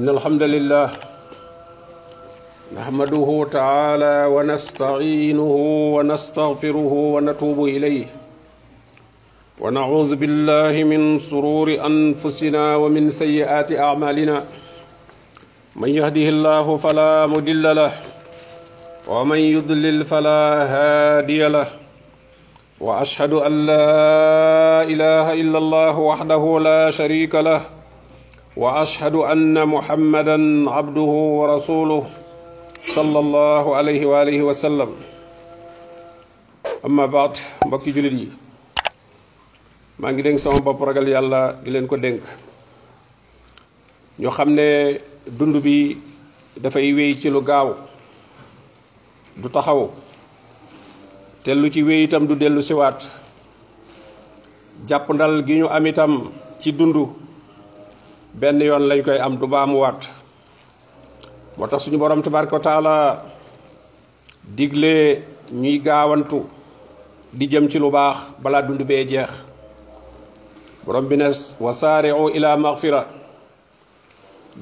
إن الحمد لله نحمده تعالى ونستعينه ونستغفره ونتوب إليه ونعوذ بالله من سرور أنفسنا ومن سيئات أعمالنا من يهده الله فلا مضل له ومن يضلل فلا هادي له وأشهد أن لا إله إلا الله وحده لا شريك له واشهد ان محمدا عبده ورسوله صلى الله عليه واله وسلم اما بعد mbokki jullit yi maa ngi dénk sama bopp ragal yàlla di leen ko dénk ñoo xam ne dund bi dafay wéy ci lu gaaw du taxaw te lu ci wéy itam du dellu siwaat jàpp ndal gi ñu am itam ci dund benn yoon lañ koy am du mu baamuwaat moo tax suñu borom tabaraka ko taala digle ñuy gaawantu di jëm ci lu baax balaa dund bee jeex borom bi ne wasaari'u ila maghfira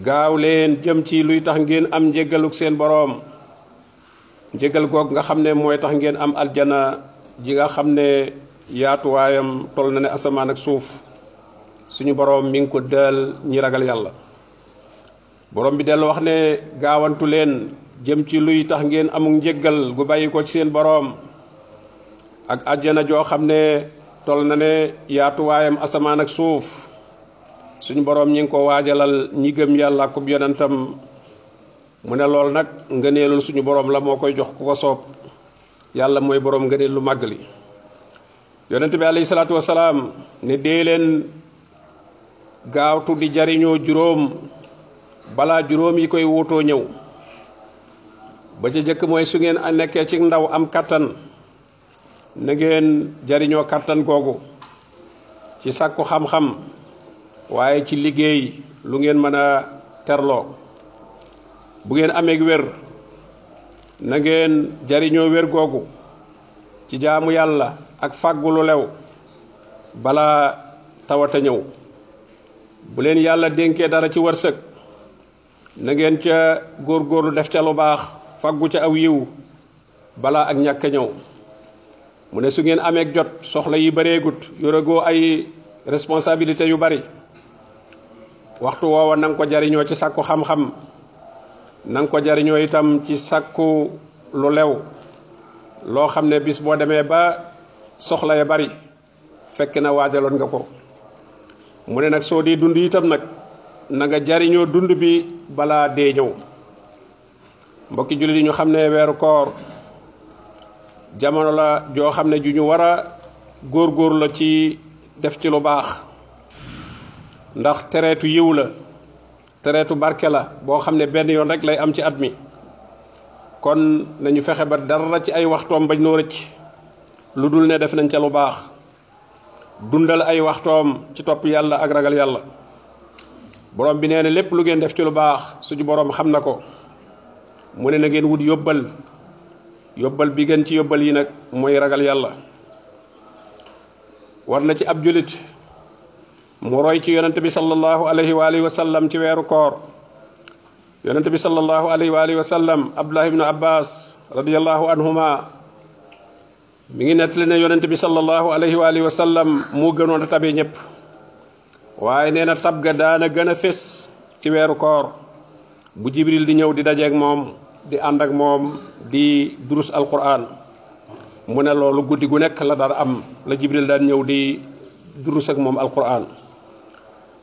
gaaw leen jëm ci luy tax ngeen am njëggaluk seen boroom njëggal goog nga xam ne mooy tax ngeen am aljana ji nga xam ne yaatuwaayam toll na ne asamaan ak suuf suñu borom mi ngi ko dal ñi ragal yalla borom bi del wax ne gawantu len jëm ci luy tax ngeen amuk njéggal gu bayiko ci seen borom ak aljana jo xamne tol na ne yaatuwaayam asaman ak suuf suñu borom ñi ngi ko wajalal ñi gëm yalla ak yonentam mu ne lol nak ngeeneelul suñu borom la mo koy jox ku ko soob yàlla borom ngeeneel lu magali li bi alayhi ne de gaawtu di jariñoo juróom bala juróom yi koy wuutoo ñëw ba ca jëkk mooy su ngeen nekkee ci ndaw am katan na ngeen jariñoo kattan googu ci sàkku xam-xam waaye ci liggéey lu ngeen mën a terloo bu ngeen ameeg wér na ngeen jariñoo wér googu ci jaamu yàlla ak lu lew bala tawata ñëw bu len yalla dénkee dara ci wërseuk na ngeen ca góorgóorlu def ca lu bax faggu ca aw yiwu bala ak ñaka ñew mu ne su ngeen amee jot soxla yi yoro go ay responsabilité yu bari waxtu woowa nang ko jariño ci sakku xam-xam nang ko jariño itam ci sakku lu lew lo xamne bis bo deme ba soxla ya bari fekk na wajalon nga ko mu ne nag soo di dund itam nag na nga jariñoo dund bi balaa dee ñëw mbokki julit yi ñu xam ne weeru koor jamono la joo xam ne ju ñu war a góor la ci def ci lu baax ndax tereetu yiw la tereetu barke la boo xam ne yoon rek lay am ci at kon nañu fexe ba dara ci ay waxtoom bañ noo rëcc lu ne def nañ ca lu baax dundal ay waxtoom ci topp yàlla ak ragal yàlla boroom bi nee na lépp lu ngeen def ci lu baax suñu boroom xam na ko mu ne na ngeen wut yóbbal yóbbal bi gën ci yóbbal yi nag mooy ragal yàlla war na ci ab julit mu roy ci yonent bi sallallahu alayhi wa alihi wa sallam ci weeru koor yonent bi sallallahu alayhi wa alihi wa sallam abdullah ibnu abbas radiallahu anhuma mi ngi nettali ne yonent bi sallallahu alayhi wa alihi wa sallam mo gënoon a tabe ñëpp waaye nee tab ga daana gëna fess ci wéru koor bu jibril di ñew di ak mom di and ak mom di durus alquran mu ne lolu guddi gu nek la dara am la jibril daan ñew di durus ak mom alquran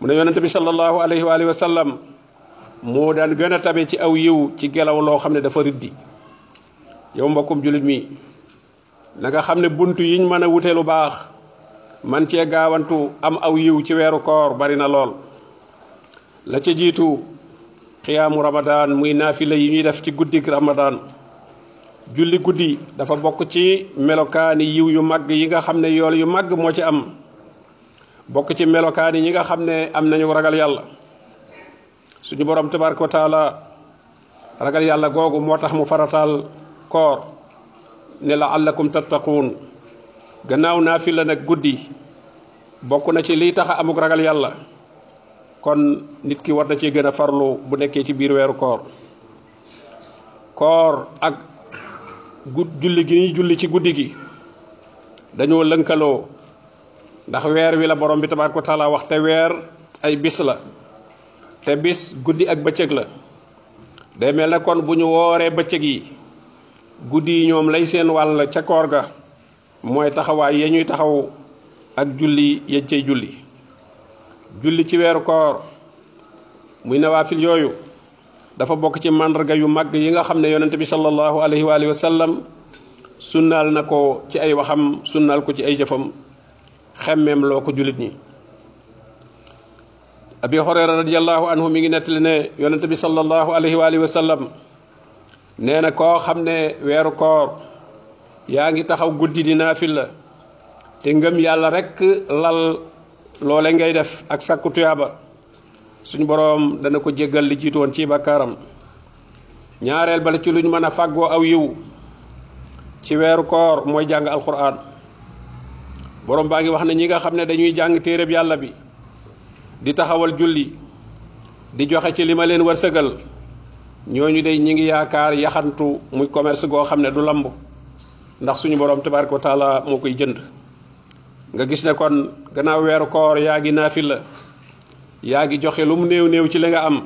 mu ne yonent bi sallallahu alayhi wa alihi wa sallam mo daan gëna tabe ci aw yiw ci gelaw lo xamne dafa riddi yow mbokum julit mi Naga nga xamne buntu yiñ mëna wuté wute lu baax man ci gaawantu am aw yiw ci wéru koor bari na lool la ci jitu qiyam ramadan muy naafila yi ñuy def ci guddik ramadan julli guddii dafa bokk ci melokaani yiw yu mag yi nga xamne yool yu mag mo ci am bokk ci melokaani yi nga xamne am nañu ragal yalla suñu borom tabaaraku taala ragal yalla gogu motax mu faratal koor ne la allakum tattaquun gannaaw naa fi la nag guddi bokk na ci liy tax a amuk ragal yàlla kon nit ki war na cee gën a farlu bu nekkee ci biir weeru koor koor ak gud julli gi ñuy julli ci guddi gi dañoo lënkaloo ndax weer wi la borom bi tabaaraka taala wax te weer ay bis la te bis guddi ak bëccëg la day mel ne kon bu ñu wooree bëccëg yi guddi yi ñoom lay seen wàll ca koor ga mooy taxawaay ya ñuy taxaw ak julli yañ cay julli julli ci weeru koor muy nawaafil yooyu dafa bokk ci màndarga yu mag yi nga xam ne yonent bi sallallahu alayhi wa alihi wa sunnaal na ko ci ay waxam sunnaal ko ci ay jëfam xemmeem loo ko jullit ñi abi horera radiallahu anhu mi ngi nettali ne yonent bi sallallahu alayhi wa neena na koo xam ne weeru koor yaa ngi taxaw guddi di naafil la te ngëm yàlla rek lal loole ngay def ak sakku tuyaaba suñ boroom dana ko jéggal li jiitu woon ci bakkaaram ñaareel bala ci luñ mën a fàggoo aw yiw ci weeru koor mooy jàng alquran borom baa wax ne ñi nga xam dañuy jàng yàlla bi di taxawal julli di joxe ci li ma leen ñooñu day ñi ngi yaakaar yaxantu muy commerce goo xam ne du lamb ndax suñu borom tabaraka wa taala moo koy jënd nga gis ne kon gannaaw weeru koor yaa ngi naafil la yaa ngi joxe lu mu néew néew ci la nga am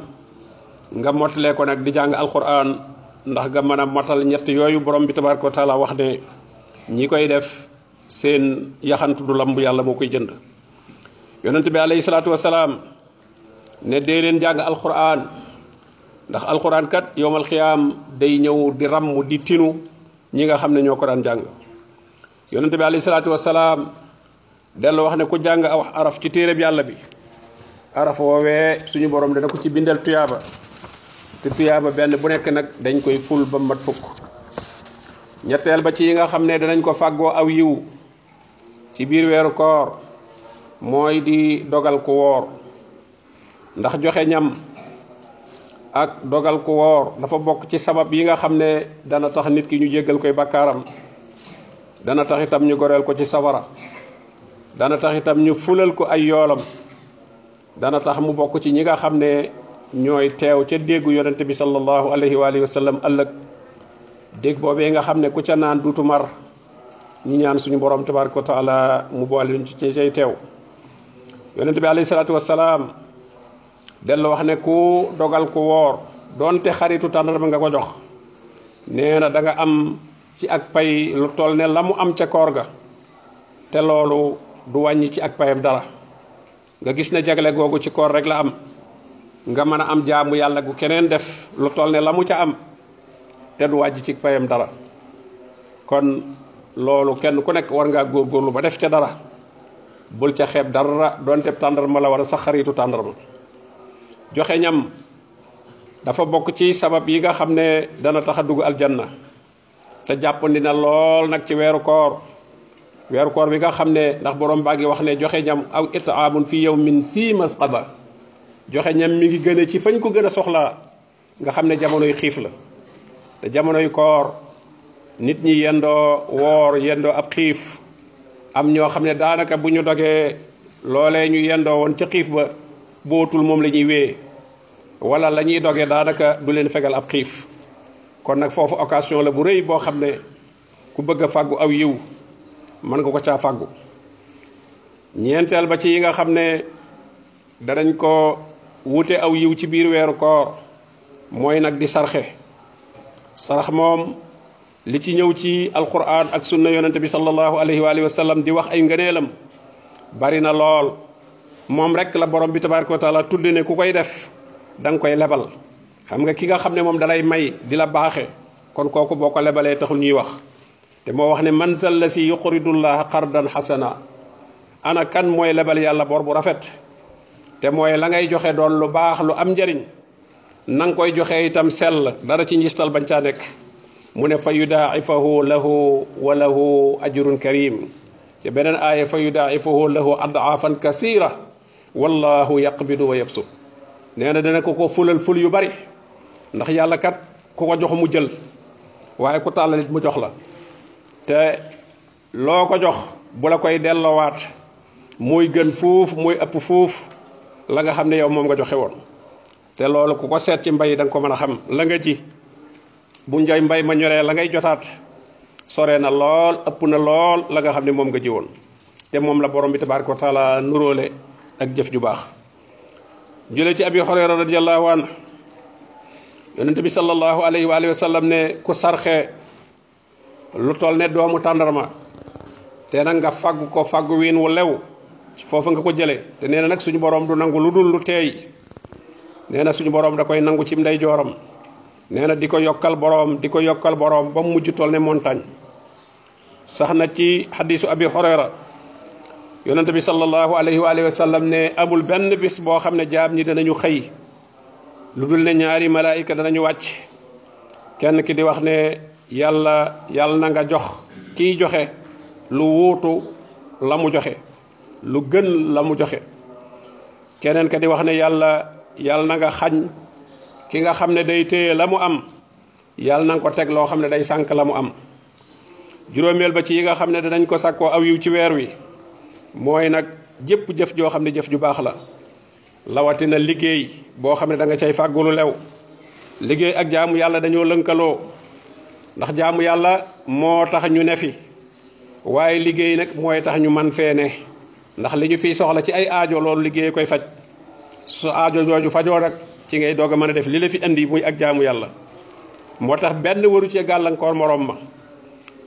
nga mottalee ko nag di jàng alquran ndax nga mën a motal ñett yooyu borom bi tabaraka wa taala wax ne ñi koy def seen yaxantu du lamb yàlla moo koy jënd yonent bi alayhi salaatu wasalaam ne dee leen jàng alquran ndax alquran kat yowmal xiyaam day ñew di ram di tinu ñi nga xamne ñoko daan jang yonnate bi alayhi salatu wassalam del wax ne ku jang wax araf ci tereb yalla bi araf wowe suñu borom dana ko ci bindal tuyaba te tuyaba benn bu nekk nag dañ koy ful ba mat fukk ñetteel ba ci yi nga xam ne danañ ko fàggoo aw yiw ci biir weeru koor mooy di dogal ku woor ndax joxe ñam ak dogal ku woor dafa bokk ci sabab yi nga xam ne dana tax nit ki ñu jéggal koy bakkaaram dana tax itam ñu goreel ko ci safara dana tax itam ñu fulal ko ay yoolam dana tax mu bokk ci ñi nga xam ne ñooy teew ca déggu yonente bi sallallahu alayhi wa alihi wa sallam dégg boobee nga xam ne ku ca naan duutu mar ñu ñaan suñu boroom tabaraka wa taala mu boole ñu ci cay teew yonente bi alayhi salaatu wasalaam dellu wax ne ku dogal ku wor donte xaritu tàndarma nga ko jox neena da nga am ci ak pay lu toll ne lamu am ca koor ga te loolu du wàññi ci ak payam dara nga gis ne jagle googu ci koor rek la am nga mën am jaamu yàlla gu keneen def lu toll ne lamu mu ca am te du ci payam dara kon loolu kenn ku nekk war ngaa góorgóorlu ba def ca dara bul ca xeeb dara donte tàndarma la war a sax joxe ñam dafa bok ci sabab yi nga xamne dana tax dug al aljanna te jàppandi na lol nak ci wéru koor wéru koor bi nga xamne ndax borom baagi wax ne joxe ñam aw itaamun fi yawmin min si masqaba joxe ñam mi ngi gëne ci fañ ko gëna soxla nga xamne jamono yi xiif la te yi koor nit ñi yendo wor yendo ab xif am ño xamne daanaka bu ñu ñu yendo won ci xif ba bootul moom la ñuy wéyee wala la ñuy dogee daanaka du leen fegal ab xiif kon nag foofu occasion la bu rëy boo xam ne ku bëgg a fàggu aw yiw mën nga ko caa fàggu ñeenteel ba ci yi nga xam ne danañ ko wute aw yiw ci biir weeru koor mooy nag di sarxe sarax moom li ci ñëw ci alquran ak sunna yonente bi sallallahu alayhi wa sallam di wax ay ngëneelam bari na lool mom rek la borom bi tabaraka wa taala tudd ne ku koy def dang koy lebal xam nga ki nga xamné mom dalay may dila baxé kon koku boko lebalé taxul ñuy wax te mo wax ne man zal la si yuqridullaha qardan hasana ana kan moy lebal yàlla bor bu rafet te moy la ngay joxe doon lu bax lu am jariñ nang koy joxe itam sel dara ci ñistal bañ ca nek mu ne fa yudaa'ifahu lahu wa lahu ajrun karim ci benen aya fa yudaa'ifahu lahu ad'afan kaseera wallahu yaqbidu wa yabsut neena dana ko ko fulal ful yu bari ndax yalla kat ku ko jox mu jël waye ku talalit mu jox la te loko jox bu la koy wat moy gën fuuf moy ëpp fuuf la nga xamne yow mom nga joxe won te lolu ku ko set ci mbay dang ko mën xam la nga ci bu njay mbay ma ñoree la ngay jotat sore na lol ëpp na lol la nga xamne mom nga ji won te mom la borom bi tabaraku taala nurole ak jëf ju baax jëlé ci abi xoreyra radiyallahu anhu yonentibi sallallahu salallahu alayhi wa alihi wasallam ne ku sarxé lu toll ne doomu tandarma te nak nga fagu ko fagu wiin wu lew fofu nga ko jëlé te néna nak suñu borom du nangul lu lu teey néna suñu borom da koy nangu ci mday joram néna diko yokal borom diko yokal borom ba mujj toll ne montagne saxna ci hadithu abi xoreyra yonent bi sallallahu alayhi wa sallam ne amul benn bis boo xam ne jaam ñi danañu xëy lu dul ne ñaari malaayika danañu wàcc kenn ki di wax ne yàlla yàlla na nga jox kiy joxe lu wuutu la mu joxe lu gën la mu joxe keneen ka wax ne yàlla yàlla na xañ ki nga xam ne day téye la mu am yàlla na nga ko teg loo xam ne day sànq la mu am juróomeel ba ci yi nga xam ne danañ ko sàkkoo aw yiw ci weer wi mooy nag jëpp jëf joo xam ne jëf ju baax la lawatina liggéey boo xam ne danga cey cay fàggulu lew liggéey ak jaamu yàlla dañoo lënkaloo ndax jaamu yàlla moo tax ñu ne fi waaye liggéey nag mooy tax ñu man fee ne ndax li ñu fiy soxla ci ay aajo loolu liggéey koy faj su aajo jooju fajoo rek ci ngay doog a mën a def li la fi indi muy ak jaamu yàlla moo tax benn waru ci gàllankoor morom ma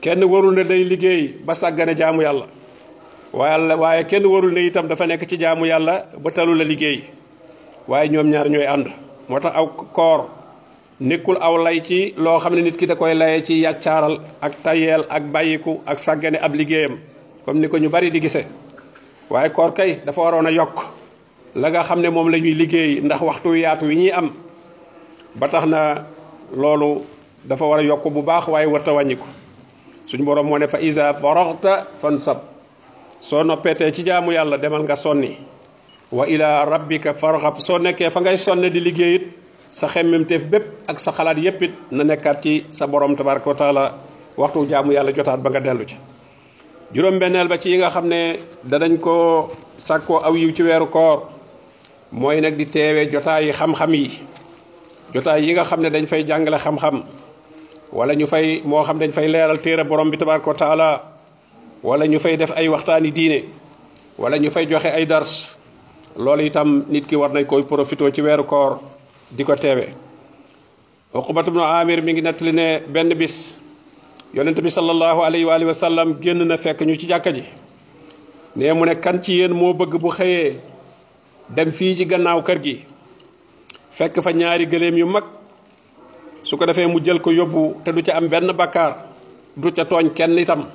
kenn warul ne day liggéey ba sàggane jaamu yàlla waye waaye kenn warul ne itam dafa nek ci jaamu yalla ba talu la liggey waye ñom ñaar ñoy and motax aw koor nekul aw lay ci lo xamne nit ki da koy laye ci yaccaral ak tayel ak bayiku ak sagane ab liggeyam comme niko ñu bari di gisse waye koor kay dafa warona yok yokk la nga xamne mom lañuy liggey ndax waxtu yaatu wi ñi am ba taxna lolu dafa wara yok bu baax waye warta wàññiku suñu borom mo ne fa iza faraghta fansab soo noppeetee ci jaamu yàlla demal nga sonni wa ila rabbika farghab so nekkee fa ngay sonne di liggéey sa sa xemmemteef bépp ak sa xalaat yépit na nekkaat ci sa borom tabaraka wa taala waxtu jaamu yàlla jotaat ba nga dellu ci juróom benneel ba ci yi nga xam ne danañ ko sàkkoo aw yiw ci weeru koor mooy nag di teewee jotaay yi xam-xam yi jotaay yi nga xam ne dañ fay jàngale xam-xam wala ñu fay moo xam dañ fay leeral téere borom bi tabaraka taala wala ñu fay def ay waxtaani diine wala ñu fay joxe ay dars loolu itam nit ki war nañ koy profito ci weeru koor di ko teewe uqbat ibnu amir mi ngi nettali ne benn bis yonent bi sallallahu alayhi wa sallam génn na fekk ñu ci jàkka ji ne mu ne kan ci yéen moo bëgg bu xëyee dem fii ci gannaaw kër gi fekk fa ñaari gëléem yu mag su ko defee mu jël ko yóbbu te du ca am benn bakkaar du ca tooñ kenn itam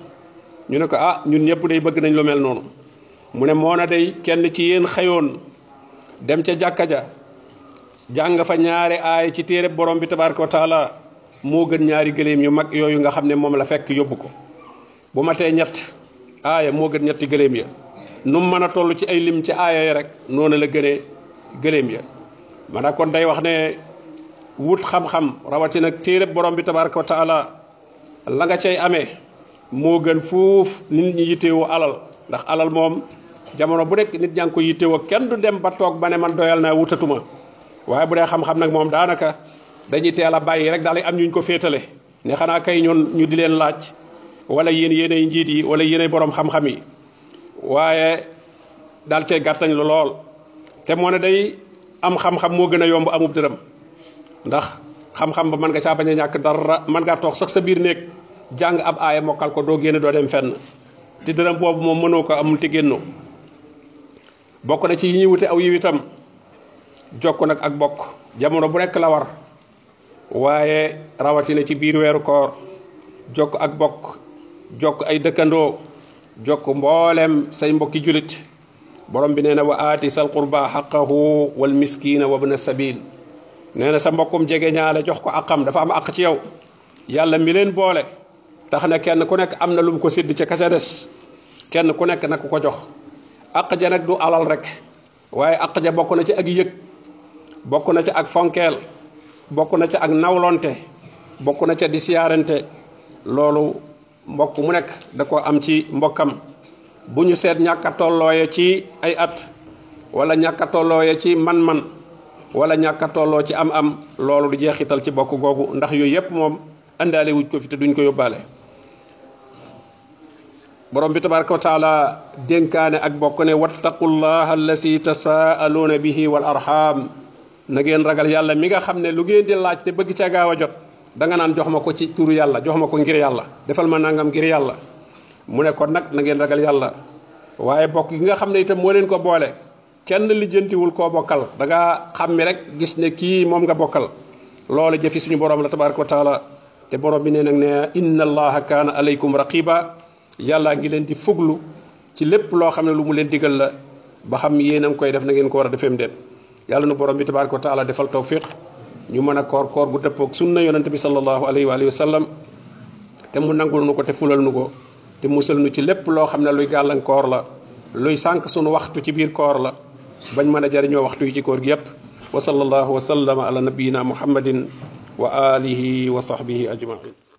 ñu ne ko ah ñun ñëpp day bëgg nañ lu mel noonu mu ne moona day kenn ci yéen xëyoon dem ca jàkka ja jàng fa ñaari aay ci téere borom bi tabaraka wa taala moo gën ñaari gëléem yu mag yooyu nga xam ne moom la fekk yóbbu ko bu ma tee ñett aaya moo gën ñetti gëléem ya mën a toll ci ay lim ci aaya ya rek noonu la gënee gëléem ya ma ne kon day wax ne wut xam-xam rawatina téere borom bi tabaraka wa taala la nga cay amee moo gën fuuf nit ñi alal ndax alal mom, jamono bu nekk nit ñaa ngi ko kenn du dem ba toog ba ne man doyal naa wutatuma waaye bu dee xam-xam nag moom daanaka dañuy teel a bàyyi rek daal am ñuñ ko féetale ne xanaa kay ñun ñu di leen laaj wala yéen yéenay njiit yi wala yéenay borom xam-xam yi waaye daal cee gàttañ lu lool te moo ne day am xam-xam moo gën a yomb amub dërëm ndax xam-xam ba man nga caa bañ a dara man nga toog sax sa biir néeg jang ab aaya mokal ko do génn do dem fenn te dërëm boobu moom mënoo ko amul te génnoo bokk na ci yi ñuy wute aw yiwitam itam nak ak bokk jamono bu nekk la war waaye rawatina ci biir weeru koor jokk ak bokk jokk ay dëkkandoo jokk mboolem say mbokki julit borom bi na wa aati sal qurba xaqahu wal miskina wa bna sabil nee na sa mbokkum jege ñaale jox ko aqam dafa am aq ci yow yàlla mi leen boole tax na kenn ku nekk am na lu mu ko sidd ca kasa des kenn ku nekk nak ko jox aq ja nag du alal rek waaye aq ja bokk na ci ak yëg bokk na ci ak fonkeel bokk na ci ak nawlonte bokk na ca di siyaarante loolu mbokk mu nekk da ko am ci mbokkam bu ñu seet ñàkk a ci ay at wala ñàkk a tollooye ci man-man wala ñàkk a tolloo ci am-am loolu du jeexital ci bokk googu ndax yooyu yépp moom andaale wuñ ko fi te duñ ko yóbbaale borom bi tabaraka taala denkaane ak bokk ne wattaqullaha allasi tasaaluna bihi wal arham na ngeen ragal yàlla mi nga xam ne lu ngeen di laaj te bëgg ca gaaw a jot da nga naan jox ma ko ci turu yàlla jox ma ko ngir yàlla defal ma nangam ngir yàlla mu ne kon nag na ngeen ragal yàlla waaye bokk yi nga xam ne itam moo leen ko boole kenn lijjantiwul koo bokkal da nga xammi rek gis ne kii moom nga bokkal loolu jëfi suñu borom la tabaraka taala te borom bi ne nag ne inna allaha kaana alaykum raqiba yàllaa ngi leen di fuglu ci lépp loo xam ne lu mu leen digal la ba xam yéen a ngi koy def na ngeen ko war a defeem dem yàlla nu borom bi tabaraka wa taala defal tawfiq ñu mën a koor koor gu dëppoog sunna yonent bi salallahu alayhi wa alihi wa sallam te mu nangul nu ko te fulal nu ko te musal nu ci lépp loo xam ne luy gàllankoor la luy sànq sunu waxtu ci biir koor la bañ mën a jariñoo waxtu yi ci koor gi yépp wa sallallahu wa sallama ala nabiyina muhammadin wa alihi wa sahbihi ajmain